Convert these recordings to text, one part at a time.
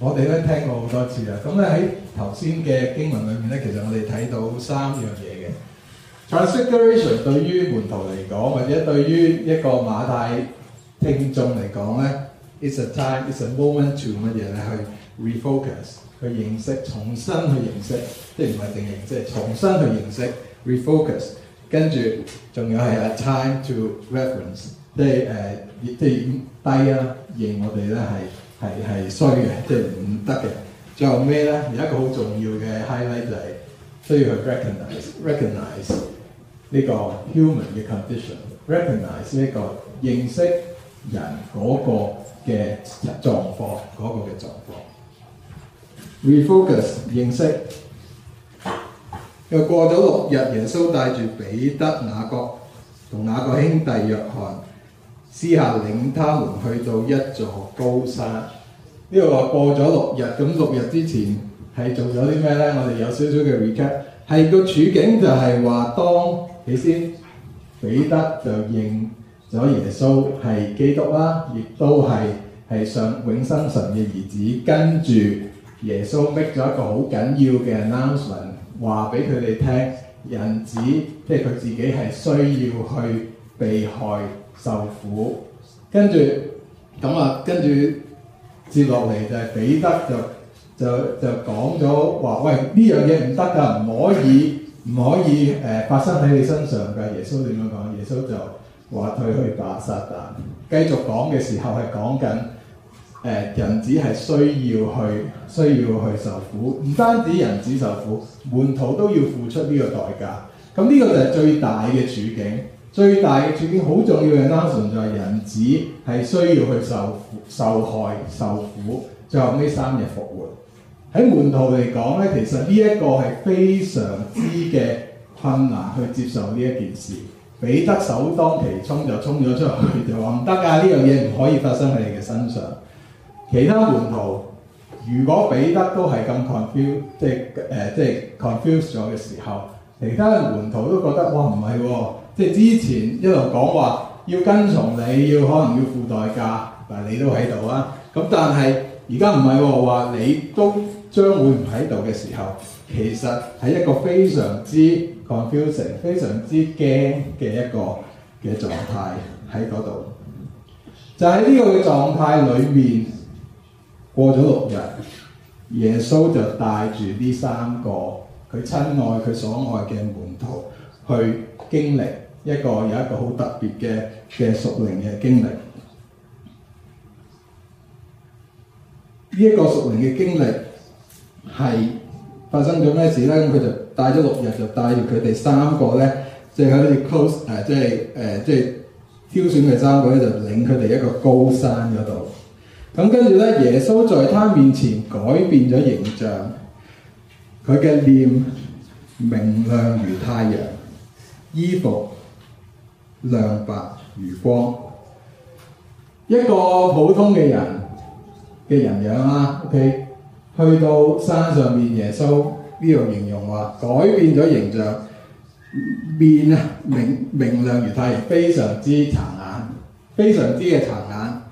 我哋咧聽過好多次啊！咁咧喺頭先嘅經文裏面咧，其實我哋睇到三樣嘢嘅。Transfiguration 對於門徒嚟講，或者對於一個馬太聽眾嚟講咧，it's a time, it's a moment to 乜嘢咧？去 refocus，去認識，重新去認識，即係唔係定認識？重新去認識，refocus。跟住仲有係 a time to reference，即係誒，即、呃、係低一嘢，我哋咧係。係係衰嘅，即係唔得嘅。最後咩咧？有一個好重要嘅 highlight 就係需要去 recognize，recognize 呢個 human 嘅 condition，recognize 呢個認識人嗰個嘅狀況，嗰個嘅狀況。refocus 認識。又過咗六日，耶穌帶住彼得、雅各同雅各兄弟約翰。私下領他們去到一座高山，呢度話過咗六日，咁六日之前係做咗啲咩呢？我哋有少少嘅 recap，係個處境就係話當起先彼得就認咗耶穌係基督啦，亦都係係上永生神嘅兒子。跟住耶穌 make 咗一個好緊要嘅 announcement，話俾佢哋聽，人子即係佢自己係需要去被害，受苦，跟住咁啊，跟住接落嚟就係彼得就就就講咗話，喂，呢樣嘢唔得㗎，唔可以唔可以誒、呃、發生喺你身上㗎。耶穌點樣講？耶穌就話退去吧，撒但。繼續講嘅時候係講緊誒人子係需要去需要去受苦，唔單止人子受苦，門徒都要付出呢個代價。咁、嗯、呢、這個就係最大嘅處境。最大嘅重點，好重要嘅咧，announcement 就係人子係需要去受受害、受苦，最後呢三日復活。喺門徒嚟講咧，其實呢一個係非常之嘅困難去接受呢一件事。彼得首當其衝就衝咗出去，就話唔得㗎！呢樣嘢唔可以發生喺你嘅身上。其他門徒如果彼得都係咁 confuse 即係誒即係 confuse 咗嘅時候，其他嘅門徒都覺得哇唔係喎。即係之前一路講話要跟從你，要可能要付代價，但係你，你都喺度啊。咁但係而家唔係喎，話你都將會唔喺度嘅時候，其實係一個非常之 confusing、非常之驚嘅一個嘅狀態喺嗰度。就喺、是、呢個嘅狀態裏面過咗六日，耶穌就帶住呢三個佢親愛佢所愛嘅門徒去經歷。一個有一個好特別嘅嘅屬靈嘅經歷，呢一個屬靈嘅經歷係發生咗咩事咧？咁佢就帶咗六日，就帶住佢哋三個咧，即係好似 close 誒，即係誒，即係挑選嘅三個咧，就領佢哋一個高山嗰度。咁跟住咧，耶穌在他面前改變咗形象，佢嘅臉明亮如太陽，衣服，亮白如光，一個普通嘅人嘅人樣啊。OK，去到山上面，耶穌呢樣形容話改變咗形象，面啊明明亮如太陽，非常之殘眼，非常之嘅殘眼，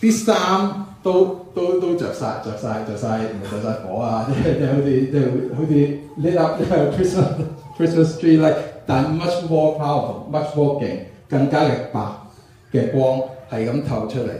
啲衫都都都，都着晒，着晒，着晒，唔係著曬火啊！呢啲呢啲好似 lit up the Christmas Christmas tree like 但 much more powerful, much more powerful，much more 勁，更加力白嘅光係咁透出嚟，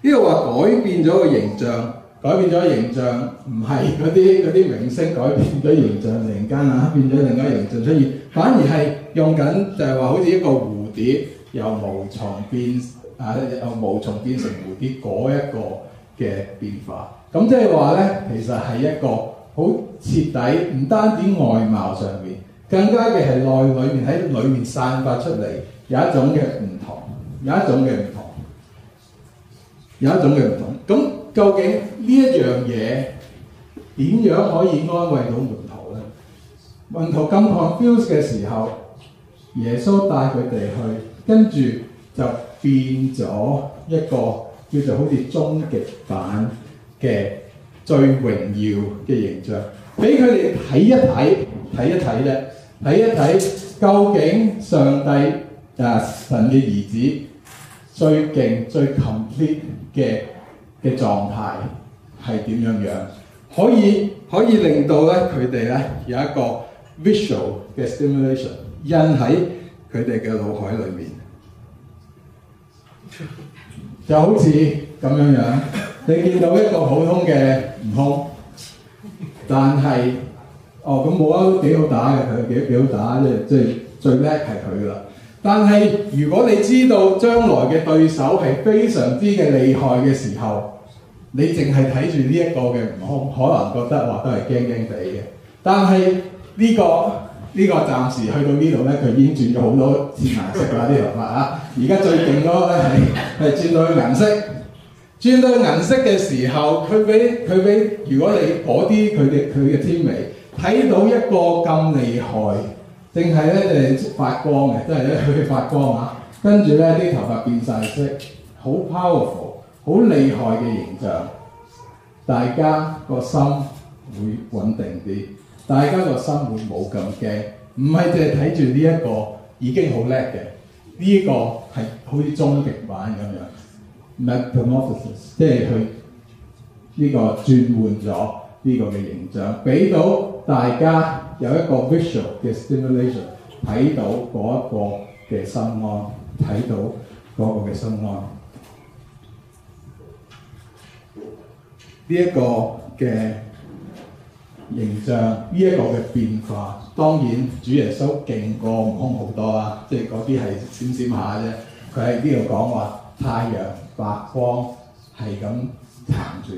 呢個話改變咗個形象，改變咗形象唔係啲啲明星改變咗形象，突然間啊變咗另一個形象，出現反而係用緊就係、是、話好似一個蝴蝶由毛蟲變啊由毛蟲變成蝴蝶嗰一個嘅變化，咁即係話咧，其實係一個好徹底，唔單止外貌上面。更加嘅係內裏面喺裏面散發出嚟有一種嘅唔同，有一種嘅唔同，有一種嘅唔同。咁究竟呢一樣嘢點樣可以安慰到門徒呢？門徒咁 confused 嘅時候，耶穌帶佢哋去，跟住就變咗一個叫做好似終極版嘅最榮耀嘅形象，俾佢哋睇一睇，睇一睇咧。睇一睇究竟上帝 yes, 神嘅兒子最勁最 complete 嘅嘅狀態係點樣樣，可以可以令到咧佢哋咧有一個 visual 嘅 stimulation 印喺佢哋嘅腦海裡面，就好似咁樣樣， 你見到一個普通嘅悟空，但係。哦，咁冇啊，都幾好打嘅，佢幾幾好打，即係即係最叻係佢噶啦。但係如果你知道將來嘅對手係非常之嘅厲害嘅時候，你淨係睇住呢一個嘅悟空，可能覺得話都係驚驚地嘅。但係、這個這個、呢個呢個暫時去到呢度咧，佢已經轉咗好多次顏色啦，呢同學嚇。而家最勁都係係轉到去銀色，轉到去銀色嘅時候，佢俾佢俾，如果你攞啲佢哋佢嘅天美。睇到一個咁厲害，淨係咧誒發光嘅，都係咧去發光吓。跟住咧啲頭髮變晒色，好 powerful，好厲害嘅形象，大家個心會穩定啲，大家個心會冇咁驚。唔係淨係睇住呢一個已經、這個、好叻嘅，呢個係好似終極版咁樣。 metamorphosis，即係佢呢個轉換咗。呢個嘅形象俾到大家有一個 visual 嘅 stimulation，睇到嗰一個嘅心安，睇到嗰個嘅心安。呢一個嘅形象，呢一個嘅變化，當然主耶穌勁過悟空好多啦，即係嗰啲係閃閃下啫。佢喺呢度講話，太陽白光係咁。撐住、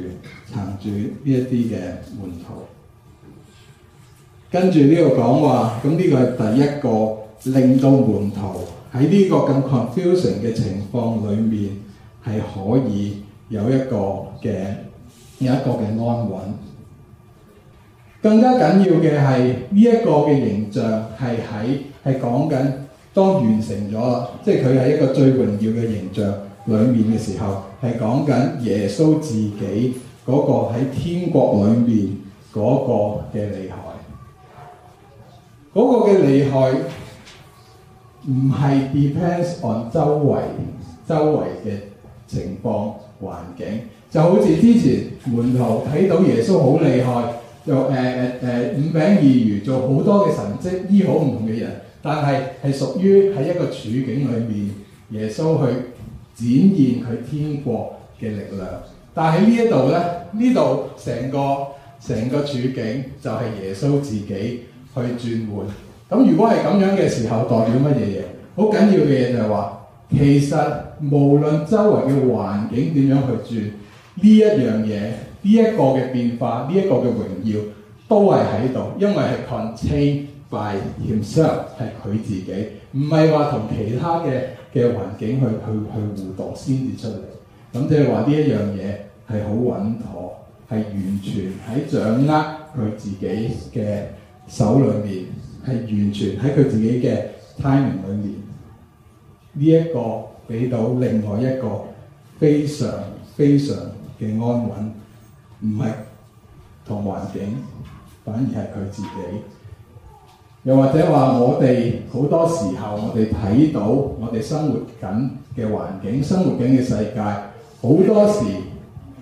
撐住呢一啲嘅門徒，跟住呢度講話，咁呢個係第一個令到門徒喺呢個咁 confusion 嘅情況裡面係可以有一個嘅有一個嘅安穩。更加緊要嘅係呢一個嘅形象係喺係講緊當完成咗，即係佢係一個最榮耀嘅形象裡面嘅時候。係講緊耶穌自己嗰個喺天國裏面嗰個嘅厲害，嗰個嘅厲害唔係 depends on 周圍周圍嘅情況環境，就好似之前門徒睇到耶穌好厲害，就誒誒誒五餅二魚，做好多嘅神跡醫好唔同嘅人，但係係屬於喺一個處境裏面耶穌去。展現佢天國嘅力量，但喺呢一度咧，呢度成個成個處境就係耶穌自己去轉換。咁如果係咁樣嘅時候代，代表乜嘢嘢？好緊要嘅嘢就係話，其實無論周圍嘅環境轉點樣去轉，呢一樣嘢，呢一個嘅變化，呢、呢、一個嘅榮耀都係喺度，因為係 contained by himself，係佢自己，唔係話同其他嘅。嘅環境去去去互動先至出嚟，咁即係話呢一樣嘢係好穩妥，係完全喺掌握佢自己嘅手裏面，係完全喺佢自己嘅 timing 裏面，呢一個俾到另外一個非常非常嘅安穩，唔係同環境，反而係佢自己。又或者話，我哋好多時候，我哋睇到我哋生活緊嘅環境、生活緊嘅世界，好多時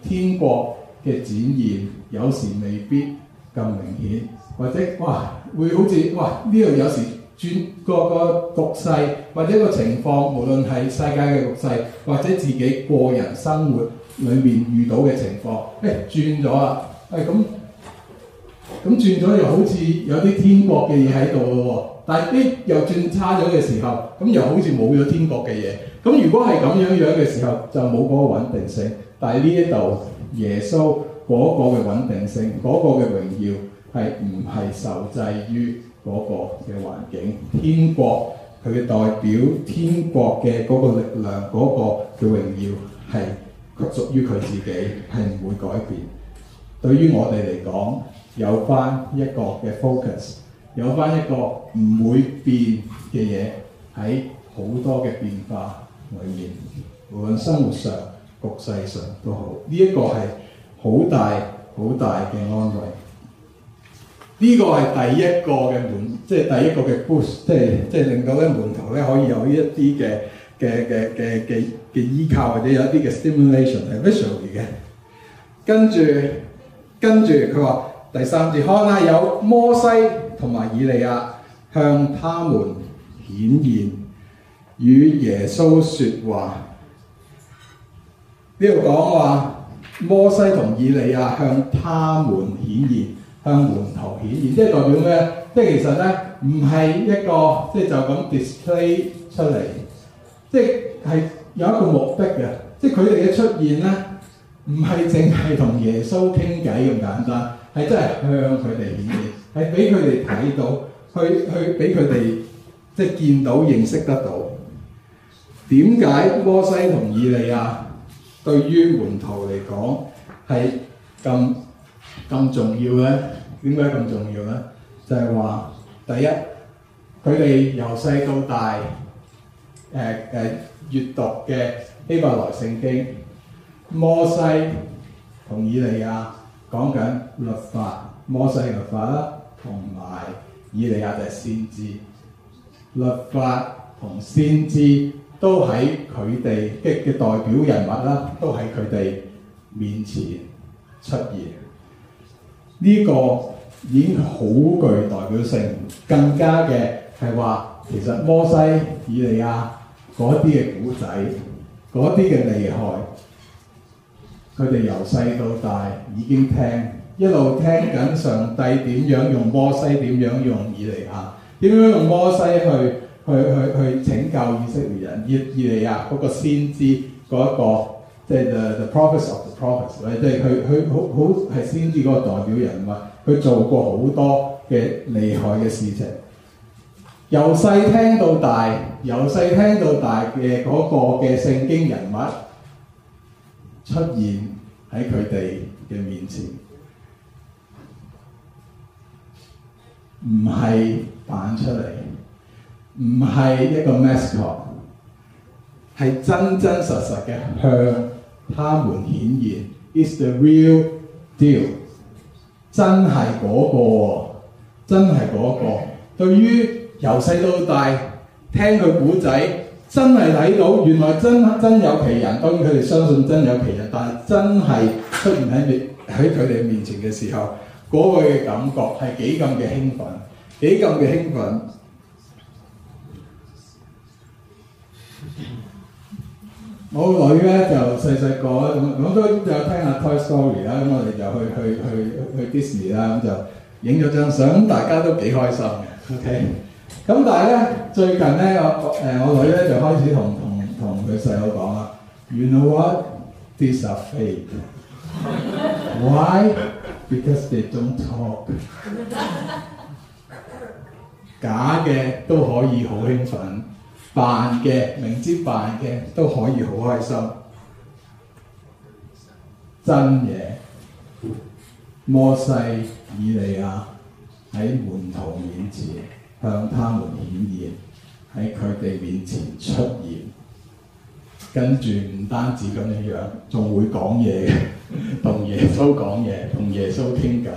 天國嘅展現，有時未必咁明顯，或者哇，會好似哇呢度有時轉個個局勢，或者個情況，無論係世界嘅局勢，或者自己個人生活裏面遇到嘅情況，誒轉咗啊，誒咁。咁轉咗又好似有啲天國嘅嘢喺度咯，但係啲又轉差咗嘅時候，咁又好似冇咗天國嘅嘢。咁如果係咁樣樣嘅時候，就冇嗰個穩定性。但係呢一度耶穌嗰個嘅穩定性，嗰個嘅榮耀係唔係受制於嗰個嘅環境？天國，佢嘅代表天國嘅嗰個力量，嗰個嘅榮耀係屬屬於佢自己，係唔會改變。對於我哋嚟講，有翻一個嘅 focus，有翻一個唔會變嘅嘢喺好多嘅變化裏面，無論生活上、局勢上都好，呢一個係好大好大嘅安慰。呢個係第一個嘅門，即係第一個嘅 boost，即係即係令到咧門徒咧可以有一啲嘅嘅嘅嘅嘅嘅依靠，或者有一啲嘅 stimulation 係 essentially 嘅。跟住跟住佢話。第三段，看下有摩西同埋以利亞向他們顯現，與耶穌說話。呢度講話摩西同以利亞向他們顯現，向門徒顯現，即係代表咩？即係其實咧，唔係一個即係就咁 display 出嚟，即係係有一個目的嘅。即係佢哋嘅出現咧，唔係淨係同耶穌傾偈咁簡單。係真係向佢哋顯示，係俾佢哋睇到，去去俾佢哋即係見到認識得到。點解摩西同以利亞對於門徒嚟講係咁咁重要咧？點解咁重要咧？就係、是、話第一，佢哋由細到大，誒、呃、誒，閱、呃、讀嘅希伯來聖經，摩西同以利亞。講緊律法，摩西律法啦，同埋以利亞嘅先知，律法同先知都喺佢哋，即係嘅代表人物啦，都喺佢哋面前出現。呢、這個已經好具代表性，更加嘅係話，其實摩西、以利亞嗰啲嘅古仔，嗰啲嘅厲害。佢哋由細到大已經聽，一路聽緊上帝點樣用摩西，點樣用以利亞，點樣用摩西去去去去，去拯救以色列人，以以利亞嗰個先知嗰、那、一個，即係 the the prophets of the prophets，即係佢佢好好係先知嗰個代表人物，佢做過好多嘅厲害嘅事情。由細聽到大，由細聽到大嘅嗰、那個嘅聖經人物。出現喺佢哋嘅面前，唔係扮出嚟，唔係一個 mask，係真真實實嘅向佢哋顯現，It's the real deal，真係嗰個，真係嗰個。對於由細到大聽佢故仔。真係睇到原來真真有其人，當然佢哋相信真有其人，但係真係出現喺面喺佢哋面前嘅時候，嗰個嘅感覺係幾咁嘅興奮，幾咁嘅興奮。我女咧就細細個咁咁都就聽下 Toy Story 啦，咁我哋就去去去去迪士尼啦，咁就影咗張相，大家都幾開心嘅，OK。咁但係咧，最近咧，我誒我女咧就開始同同同佢細佬講啦。You know what, this is fake. Why? Because they don't talk。假嘅都可以好興奮，扮嘅明知扮嘅都可以好開心，真嘢摩西以利亞喺門徒面前。向他們顯現，喺佢哋面前出現，跟住唔單止咁樣樣，仲會講嘢，同耶穌講嘢，同耶穌傾偈。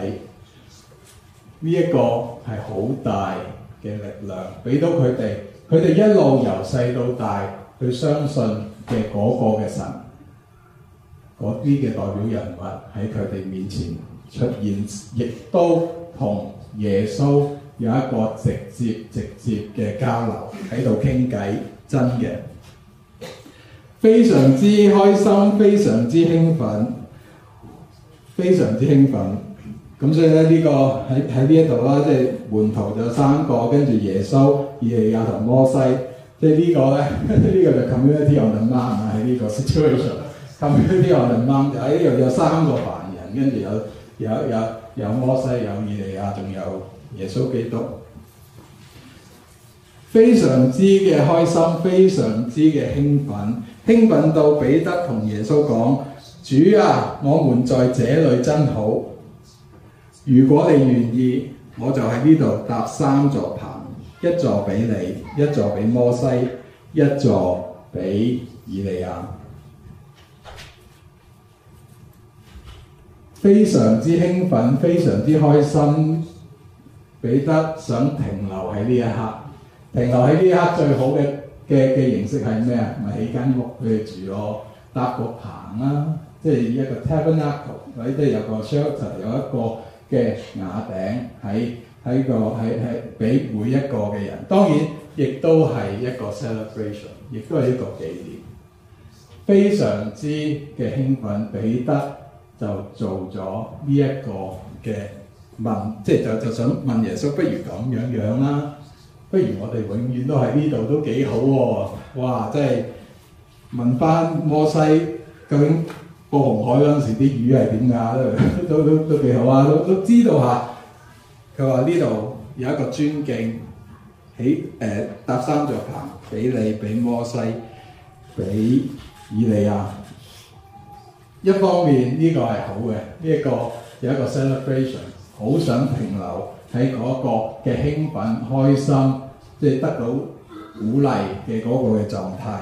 呢一個係好大嘅力量，俾到佢哋，佢哋一路由細到大去相信嘅嗰個嘅神，嗰啲嘅代表人物喺佢哋面前出現，亦都同耶穌。有一個直接直接嘅交流喺度傾偈，真嘅，非常之開心，非常之興奮，非常之興奮。咁所以咧，呢個喺喺呢一度啦，即係門徒有三個，跟住耶穌、以利亞同摩西，即係呢個咧，呢 個就 community of the man 喺呢個 situation。 community of the man、哎、有，有三個凡人，跟住有有有有摩西、有以利亞，仲有。耶穌基督非常之嘅開心，非常之嘅興奮，興奮到彼得同耶穌講：主啊，我們在這裡真好。如果你願意，我就喺呢度搭三座棚，一座畀你，一座畀摩西，一座畀以利亞。非常之興奮，非常之開心。彼得想停留喺呢一刻，停留喺呢一刻最好嘅嘅嘅形式係咩啊？咪起間屋去住咯，搭個棚啦、啊，即係一個 tabernacle 或者有個 shelter，有一個嘅瓦頂，喺喺個喺喺俾每一個嘅人。當然，亦都係一個 celebration，亦都係一個紀念，非常之嘅興奮，彼得就做咗呢一個嘅。問即係就就想問耶穌，不如咁樣樣啦，不如我哋永遠都喺呢度都幾好喎，啊！哇，真係問翻摩西究竟過紅海嗰陣時啲魚係點㗎？都都都都幾好啊！都都知道下，佢話呢度有一個尊敬，喺誒、呃、搭三著棚搭三座棚俾你，俾摩西，俾以利亞。一方面呢，這個係好嘅，呢、這、一個有一個 celebration。好想停留喺嗰個嘅興奮、開心，即係得到鼓勵嘅嗰個嘅狀態。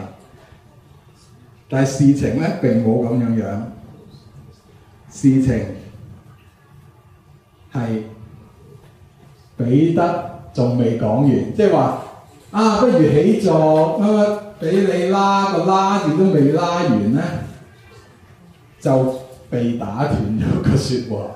但係事情咧並冇咁樣樣。事情係彼得仲未講完，即係話啊，不如起座啊，畀你拉個拉字都未拉完咧，就被打斷咗個説話。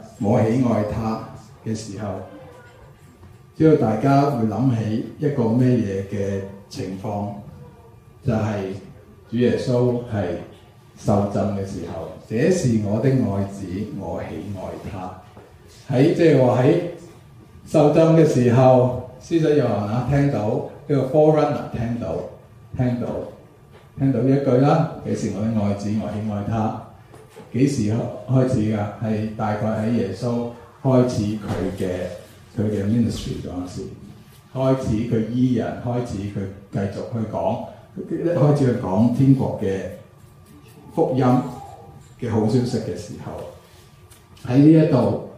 我喜愛他嘅時候，只要大家會諗起一個咩嘢嘅情況，就係、是、主耶穌係受浸嘅時候，這是我的愛子，我喜愛他。喺即係話喺受浸嘅時候，施洗約翰啊，聽到呢個 forerunner 聽到，聽到聽到呢一句啦，這是我的愛子，我喜愛他。幾時開始㗎？係大概喺耶穌開始佢嘅佢嘅 ministry 嗰陣時，開始佢醫人，開始佢繼續去講，一開始去講天國嘅福音嘅好消息嘅時候，喺呢一度，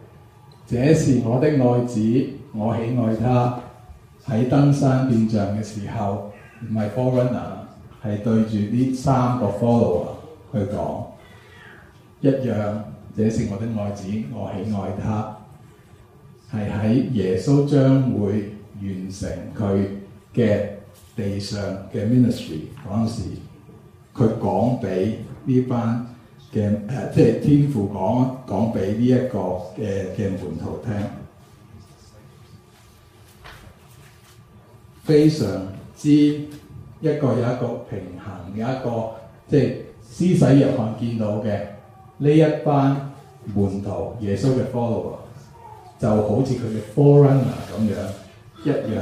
這是我的愛子，我喜愛他。喺登山變像嘅時候，唔係 forerunner，係對住呢三個 follower 去講。一樣，這是我的愛子，我喜愛他。係喺耶穌將會完成佢嘅地上嘅 ministry 嗰陣時，他講給這，佢講俾呢班嘅誒，即係天父講講俾呢一個嘅嘅門徒聽，非常之一個有一個平衡，有一個即係施洗約翰見到嘅。呢一班門徒，耶穌嘅 follower，就好似佢嘅 forerunner 咁樣，一樣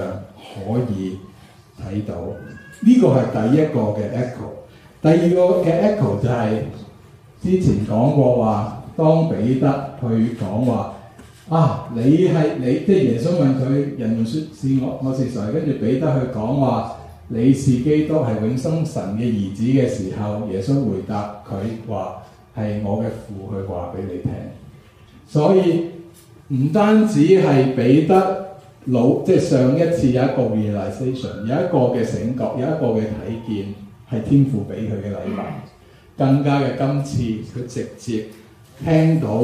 可以睇到呢、這個係第一個嘅 echo。第二個 echo 就係、是、之前講過話，當彼得去講話啊，你係你，即係耶穌問佢，人們説是我，我是誰？跟住彼得去講話，你是基督，係永生神嘅兒子嘅時候，耶穌回答佢話。係我嘅父去話俾你聽，所以唔單止係彼得老，即係上一次有一個 realization，有一個嘅醒覺，有一個嘅睇見係天父俾佢嘅禮物，更加嘅今次佢直接聽到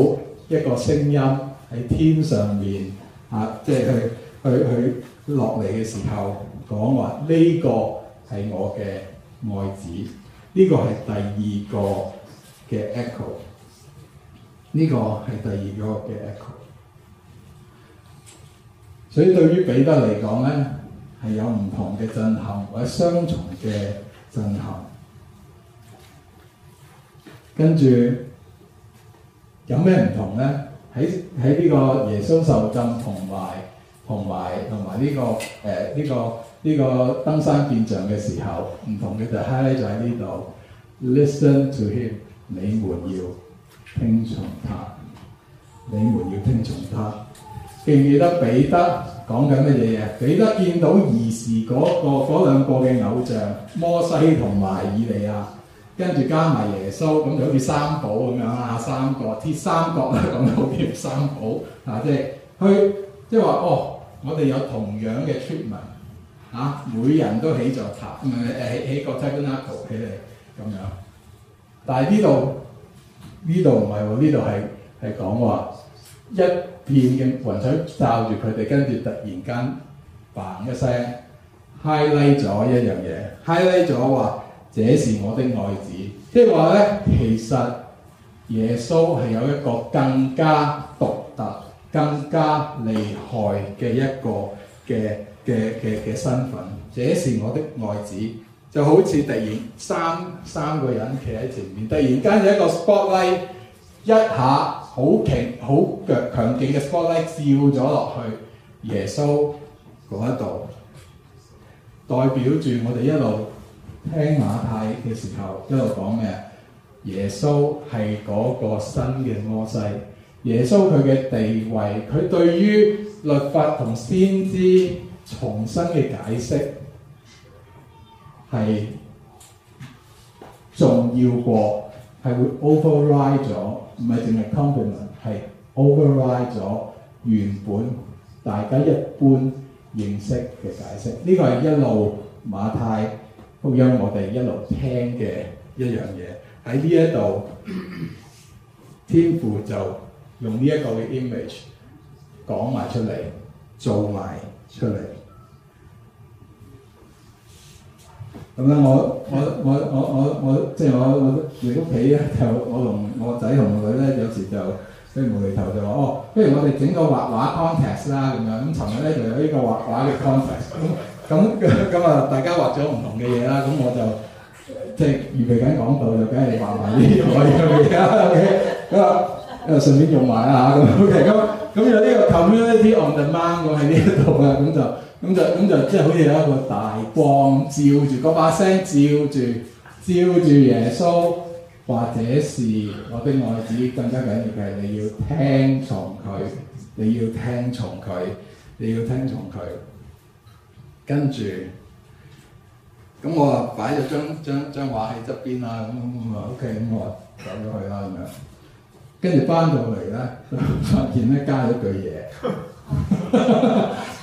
一個聲音喺天上面啊，即係佢佢佢落嚟嘅時候講話，呢個係我嘅愛子，呢個係第二個。嘅 echo，呢個係第二個嘅 echo，所以對於彼得嚟講咧，係有唔同嘅震撼，或者雙重嘅震撼。跟住有咩唔同咧？喺喺呢個耶穌受浸同埋同埋同埋呢個誒呢、呃這個呢、這個登山變像嘅時候，唔同嘅就係咧就喺呢度，listen to him。你們要聽從他，你們要聽從他。記唔記得彼得講緊乜嘢嘢？彼得見到兒時嗰個嗰兩個嘅偶像摩西同埋以利亞，跟住加埋耶穌，咁就好似三寶咁樣啊，三個鐵三角啦，講到鐵三寶嚇，即係去即係話哦，我哋有同樣嘅 treatment 嚇，每人都起咗塔，唔係誒，起起國梯觀阿哥起嚟咁樣。但係呢度呢度唔係喎，呢度係係講話一片嘅雲彩罩住佢哋，跟住突然間嘭一聲 highlight 咗一樣嘢，highlight 咗話這是我的愛子，即係話咧，其實耶穌係有一個更加獨特、更加厲害嘅一個嘅嘅嘅嘅身份，這是我的愛子。就好似突然三三個人企喺前面，突然間有一個 spotlight 一下好強好強，強勁嘅 spotlight 照咗落去耶穌嗰度，代表住我哋一路聽馬太嘅時候一路講嘅耶穌係嗰個新嘅摩西，耶穌佢嘅地位，佢對於律法同先知重新嘅解釋。係重要過，係會 override 咗，唔係淨係 complement，係 override 咗原本大家一般認識嘅解釋。呢個係一路馬太福音我哋一路聽嘅一樣嘢。喺呢一度，天父就用呢一個嘅 image 講埋出嚟，做埋出嚟。咁咧，我我我我我我即係我我嚟屋企咧，就我同我仔同個女咧，有時就即係無厘頭就話哦，不如我哋整個畫畫 contest 啦，咁樣咁尋日咧就有呢個畫畫嘅 contest，咁咁咁啊，大家畫咗唔同嘅嘢啦，咁我就即係預備緊講道就梗係畫埋呢啲咁嘅嘢啦，咁啊啊順便用埋啊嚇，咁 OK，咁咁有呢個 community on demand 咁喺呢一度啊，咁就。咁就咁就即係好似有一個大光照住個把聲，照住照住耶穌，或者是我對我自己更加緊要嘅係你要聽從佢，你要聽從佢，你要聽從佢。跟住咁我話擺咗張張張畫喺側邊啊，咁咁啊 OK，咁我走咗去啦咁樣。跟住翻到嚟咧，發現咧加咗句嘢。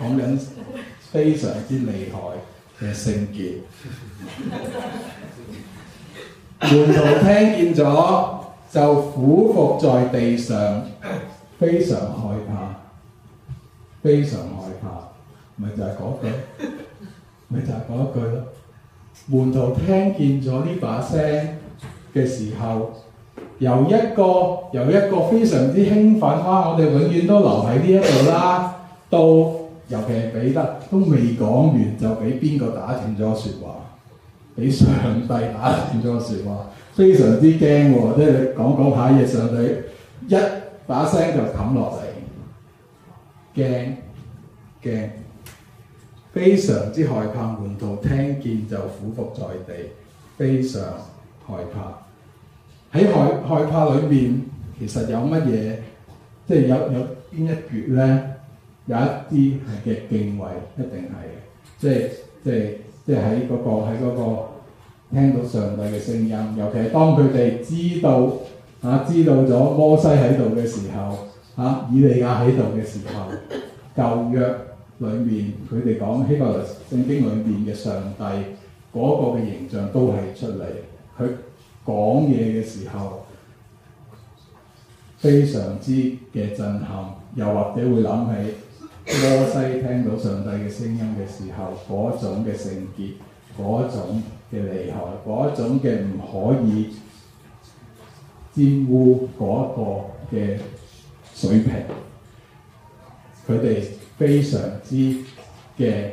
講緊非常之厲害嘅聖潔，門徒聽見咗就俯伏，伏在地上，非常害怕，非常害怕，咪就係嗰句，咪就係嗰句咯。門徒聽見咗呢把聲嘅時候，由一個由一個非常之興奮，啊，我哋永遠都留喺呢一度啦，到尤其係彼得都未講完，就俾邊個打斷咗説話？俾上帝打斷咗説話，非常之驚喎！即係你講講下嘢，上帝一把聲就冚落嚟，驚驚，非常之害怕。門徒聽見就俯伏在地，非常害怕。喺害害怕裏面，其實有乜嘢？即係有有邊一句咧？有一啲嘅敬畏一定係，即係即係即係喺嗰個喺嗰個聽到上帝嘅聲音，尤其係當佢哋知道嚇、啊、知道咗摩西喺度嘅時候，嚇、啊、以利亞喺度嘅時候，舊約裡面佢哋講希伯來聖經裡面嘅上帝嗰個嘅形象都係出嚟，佢講嘢嘅時候非常之嘅震撼，又或者會諗起。摩西聽到上帝嘅聲音嘅時候，嗰種嘅聖潔，嗰種嘅厲害，嗰種嘅唔可以玷污嗰一個嘅水平，佢哋非常之嘅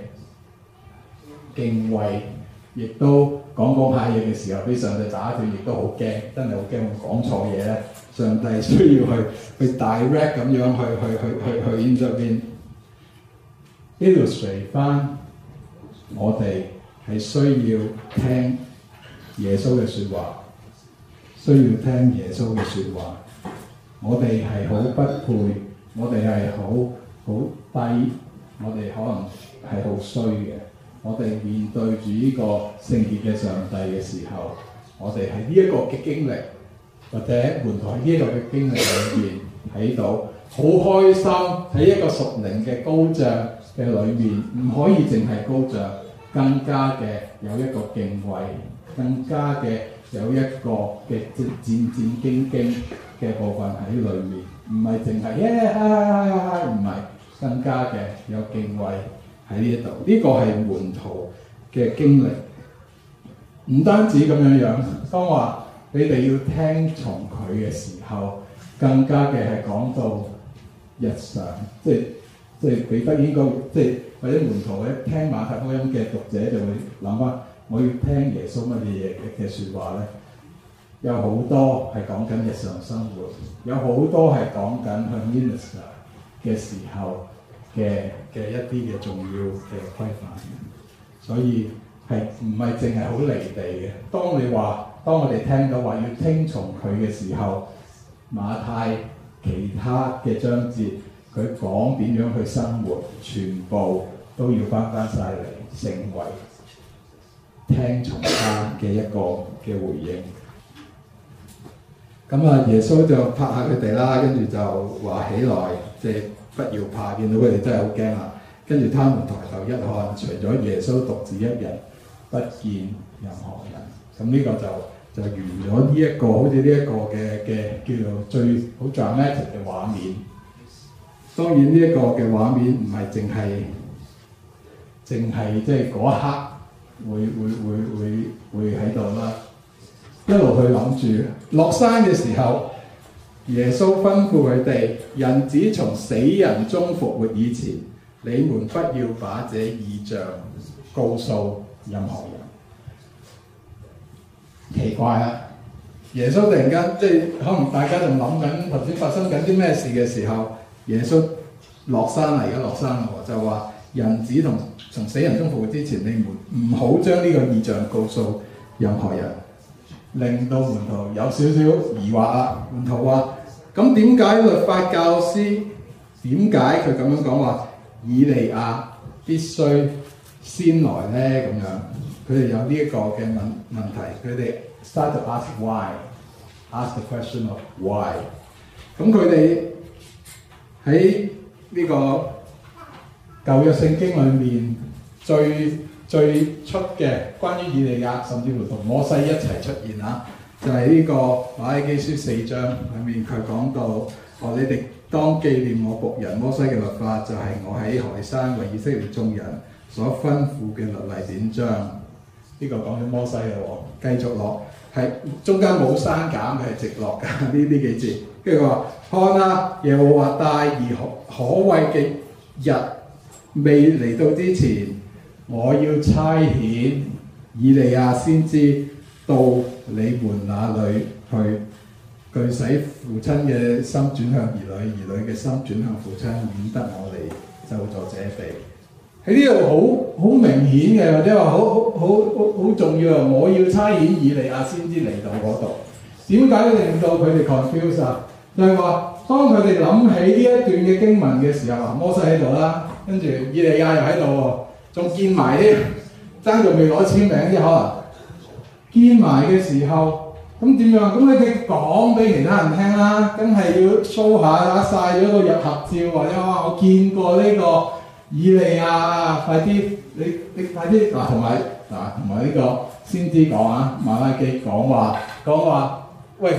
敬畏，亦都講講下嘢嘅時候，俾上帝打斷，亦都好驚，真係好驚，我講錯嘢咧。上帝需要去去 direct 咁樣去去去去去 intervene。呢度隨翻我哋係需要聽耶穌嘅説話，需要聽耶穌嘅説話。我哋係好不配，我哋係好好低，我哋可能係好衰嘅。我哋面對住呢個聖潔嘅上帝嘅時候，我哋喺呢一個嘅經歷，或者門徒喺呢度嘅經歷裏面睇到，好開心喺一個屬靈嘅高漲。嘅裏面唔可以淨係高漲，更加嘅有一個敬畏，更加嘅有一個嘅戰戰兢兢嘅部分喺裏面，唔係淨係耶，唔係，啊，啊，更加嘅有敬畏喺呢度，呢個係門徒嘅經歷。唔單止咁樣樣，當話你哋要聽從佢嘅時候，更加嘅係講到日常，即係。即係俾得應該，即係或者門徒一聽馬太福音嘅讀者就會諗翻，我要聽耶穌乜嘢嘅嘅説話咧？有好多係講緊日常生活，有好多係講緊去 minister 嘅時候嘅嘅一啲嘅重要嘅規範，所以係唔係淨係好離地嘅？當你話當我哋聽到話要聽從佢嘅時候，馬太其他嘅章節。佢講點樣去生活，全部都要翻翻晒嚟，成為聽從他嘅一個嘅回應。咁啊，耶穌就拍下佢哋啦，跟住就話，起來，即係不要怕，見到佢哋真係好驚啦。跟住他們抬頭一看，除咗耶穌獨自一人，不見任何人。咁呢個就就完咗呢一個好似呢一個嘅嘅叫做最好 dramatic 嘅畫面。當然呢一個嘅畫面唔係淨係淨係即係嗰一刻會會會會會喺度啦，一路去諗住落山嘅時候，耶穌吩咐佢哋：人子從死人中復活以前，你們不要把這異象告訴任何人。奇怪啦、啊！耶穌突然間即係可能大家仲諗緊頭先發生緊啲咩事嘅時候。耶穌落山啦，而家落山啦，就話人子同從死人中復活之前，你們唔好將呢個意象告訴任何人，令到門徒有少少疑惑啦。門徒話：咁點解呢律法教師點解佢咁樣講話？以利亞必須先來咧，咁樣佢哋有呢一個嘅問問題，佢哋 start to ask why，ask the question of why，咁佢哋。喺呢、這個舊約聖經裏面最最出嘅關於以利亞，甚至乎同摩西一齊出現喇，就係、是、呢、這個瑪拉基書四章裏面佢講到：哦，你哋當紀念我僕人摩西嘅律法，就係、是、我喺海山為以色列眾人所吩咐嘅律例典章。呢、這個講緊摩西啦，繼續落，係中間冇刪減，係直落嘅呢呢幾節。跟住佢話：看啦，耶和華大而可可畏嘅日未嚟到之前，我要差遣以利亞先知到你們那裏去，佢使父親嘅心轉向兒女，兒女嘅心轉向父親，免得我哋咒詛遍地。喺呢度好好明顯嘅，或者話好好好好重要啊！我要差遣以利亞先知嚟到嗰度，點解令到佢哋 confuse 啊？就係話，當佢哋諗起呢一段嘅經文嘅時候，摩西喺度啦，跟住以利亞又喺度喎，仲見埋啲，但仲未攞簽名啫，可能見埋嘅時候，咁點樣？咁咧，你哋講俾其他人聽啦，梗係要 show 一下曬嗰個入合照或者我見過呢個以利亞，快啲，你快啲，同埋同埋呢個先知講啊，馬拉基講話講話，喂。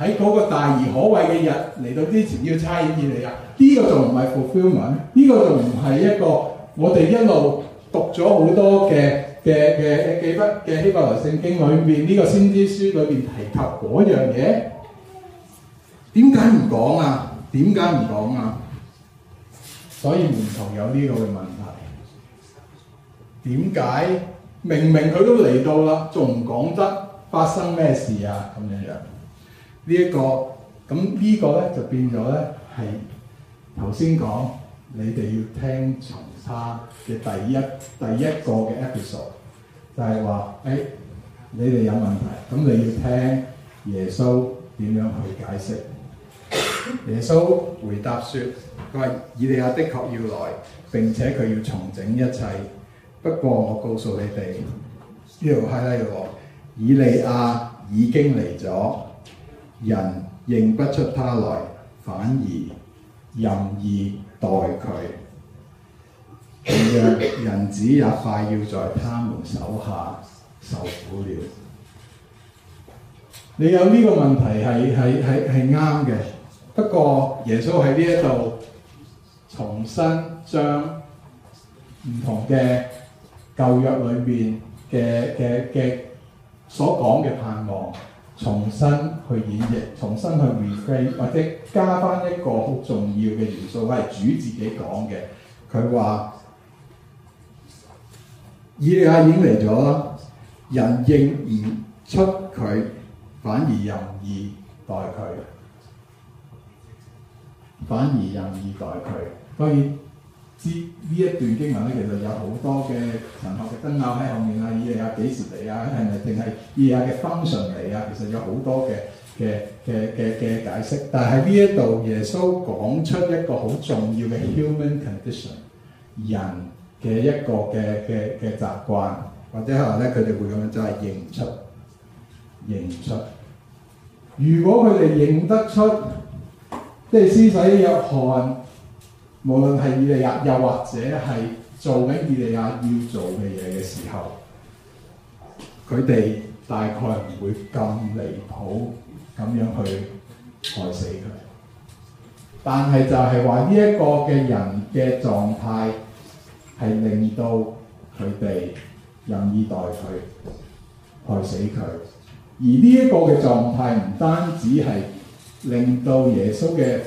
喺嗰個大而可畏嘅日嚟到之前要差遣你啊！呢個仲唔係 fulfillment？呢個就唔係一個我哋一路讀咗好多嘅嘅嘅幾筆嘅希伯來聖經裏面呢個先知書裏面提及嗰樣嘢？點解唔講啊？點解唔講啊？所以唔同有呢個問題。點解明明佢都嚟到啦，仲唔講得發生咩事啊？咁樣樣。呢一、這個咁呢個咧就變咗咧係頭先講，你哋要聽從沙嘅第一第一個嘅 episode，就係話：誒、哎、你哋有問題，咁你要聽耶穌點樣去解釋？耶穌回答說：佢話以利亞的確要來，並且佢要重整一切。不過我告訴你哋，呢度 high level，以利亞已經嚟咗。人認不出他來，反而任意待佢，而人子也快要在他們手下受苦了。你有呢個問題係，係係係啱嘅，不過耶穌喺呢一度重新將唔同嘅舊約裏面嘅嘅嘅所講嘅盼望。重新去演繹，重新去回歸，或者加翻一個好重要嘅元素，係主自己講嘅。佢話：以利亞已經嚟咗，人認唔出佢，反而任意待佢，反而任意待佢。當然。知呢一段經文咧，其實有好多嘅神學嘅爭拗喺後面啊！以耶亞幾時嚟啊？係咪定係耶亞嘅 function 嚟啊？其實有好多嘅嘅嘅嘅嘅解釋。但係呢一度，耶穌講出一個好重要嘅 human condition，人嘅一個嘅嘅嘅習慣，或者可能咧，佢哋會咁樣就係認唔出，認唔出。如果佢哋認得出，即係施洗約翰。無論係以利亞，又或者係做緊以利亞要做嘅嘢嘅時候，佢哋大概唔會咁離譜咁樣去害死佢。但係就係話呢一個嘅人嘅狀態係令到佢哋任意待佢，害死佢。而呢一個嘅狀態唔單止係令到耶穌嘅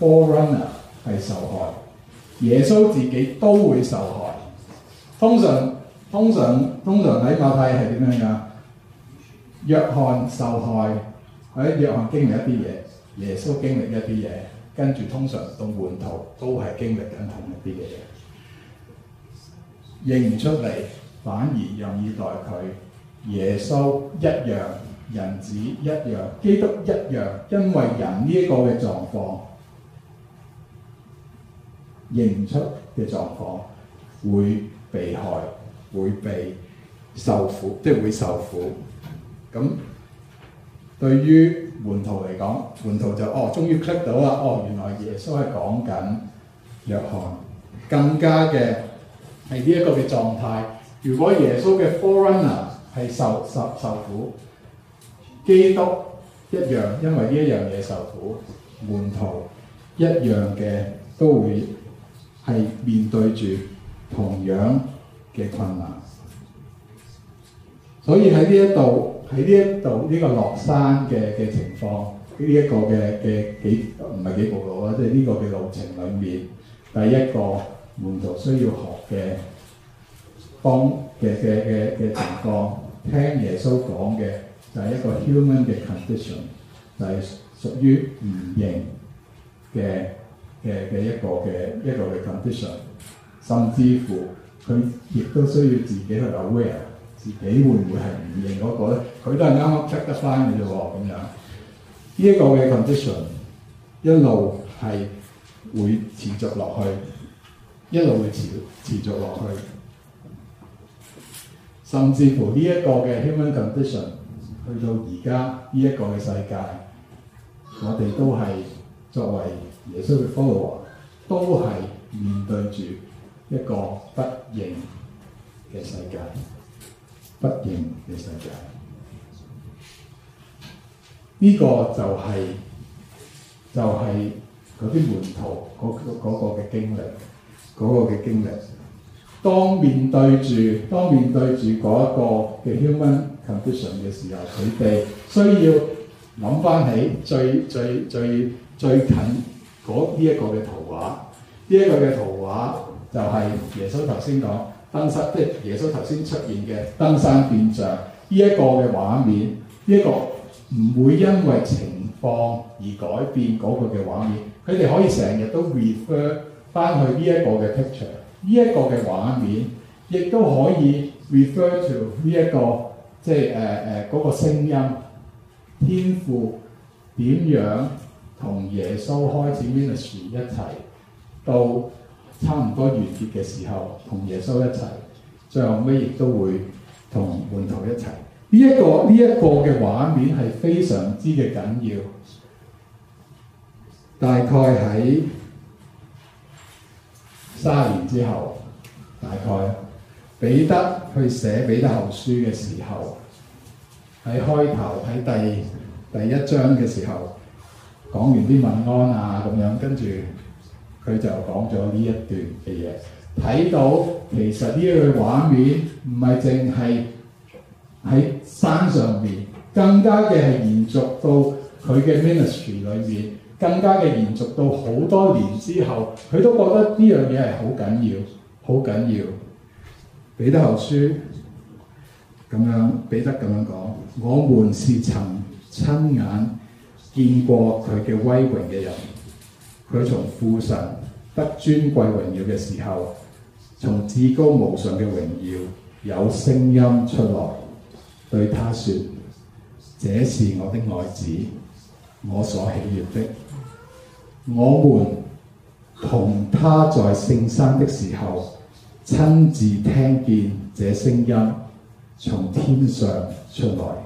forerunner，係受害，耶穌自己都會受害。通常，通常，通常喺馬太係點樣㗎？約翰受害，喺約翰經歷一啲嘢，耶穌經歷一啲嘢，跟住通常到門徒都係經歷緊同一啲嘅嘢，認唔出嚟，反而任意待佢。耶穌一樣，人子一樣，基督一樣，因為人呢一個嘅狀況。認出嘅狀況會被害，會被受苦，即係會受苦。咁對於門徒嚟講，門徒就哦，終於 click 到啊！哦，原來耶穌係講緊約翰更加嘅係呢一個嘅狀態。如果耶穌嘅 forerunner 係受受受苦，基督一樣，因為呢一樣嘢受苦，門徒一樣嘅都會。係面對住同樣嘅困難，所以喺呢一度，喺呢一度呢個落山嘅嘅情況，呢、這、一個嘅嘅幾唔係幾無聊啦，即係呢個嘅路程裡面，第一個門徒需要學嘅幫嘅嘅嘅嘅情況，聽耶穌講嘅就係、是、一個 human 嘅 condition，就係屬於唔認嘅。嘅嘅一個嘅一個嘅 condition，甚至乎佢亦都需要自己去 aware，自己會唔會係唔認嗰個咧？佢都係啱啱 check 得翻嘅啫喎，咁樣呢一個嘅 condition 一路係會持續落去，一路會持持續落去，甚至乎呢一個嘅 human condition 去到而家呢一個嘅世界，我哋都係作為。耶穌嘅 followers，都係面對住一個不認嘅世界，不認嘅世界。呢、這個就係、是、就係嗰啲門徒嗰個嘅經歷，嗰個嘅經歷。當面對住當面對住嗰一個嘅 human condition 嘅時候，佢哋需要諗翻起最最最最近。呢一個嘅圖畫，呢一個嘅圖畫就係耶穌頭先講登山，即係耶穌頭先出現嘅登山變像。呢一個嘅畫面，呢一個唔會因為情況而改變嗰個嘅畫面。佢哋可以成日都 refer 翻去呢一個嘅 picture，呢一個嘅畫面，亦都可以 refer to 呢一個，即係誒誒嗰個聲音天賦點樣。同耶穌開始 ministry 一齊，到差唔多完結嘅時候，同耶穌一齊，最後尾亦都會同門徒一齊。呢一個呢一個嘅畫面係非常之嘅緊要。大概喺三十年之後，大概彼得去寫彼得後書嘅時候，喺開頭喺第第一章嘅時候，講完啲問安啊咁樣，跟住佢就講咗呢一段嘅嘢。睇到其實呢句畫面唔係淨係喺山上邊，更加嘅係延續到佢嘅 ministry 裏面，更加嘅延續到好多年之後，佢都覺得呢樣嘢係好緊要，好緊要。彼得後書咁樣，彼得咁樣講：我們是曾親眼見過佢嘅威榮嘅人，佢從父神得尊貴榮耀嘅時候，從至高無上嘅榮耀有聲音出來對他說：這是我的愛子，我所喜悅的。我們同他在聖山嘅時候，親自聽見這聲音從天上出來。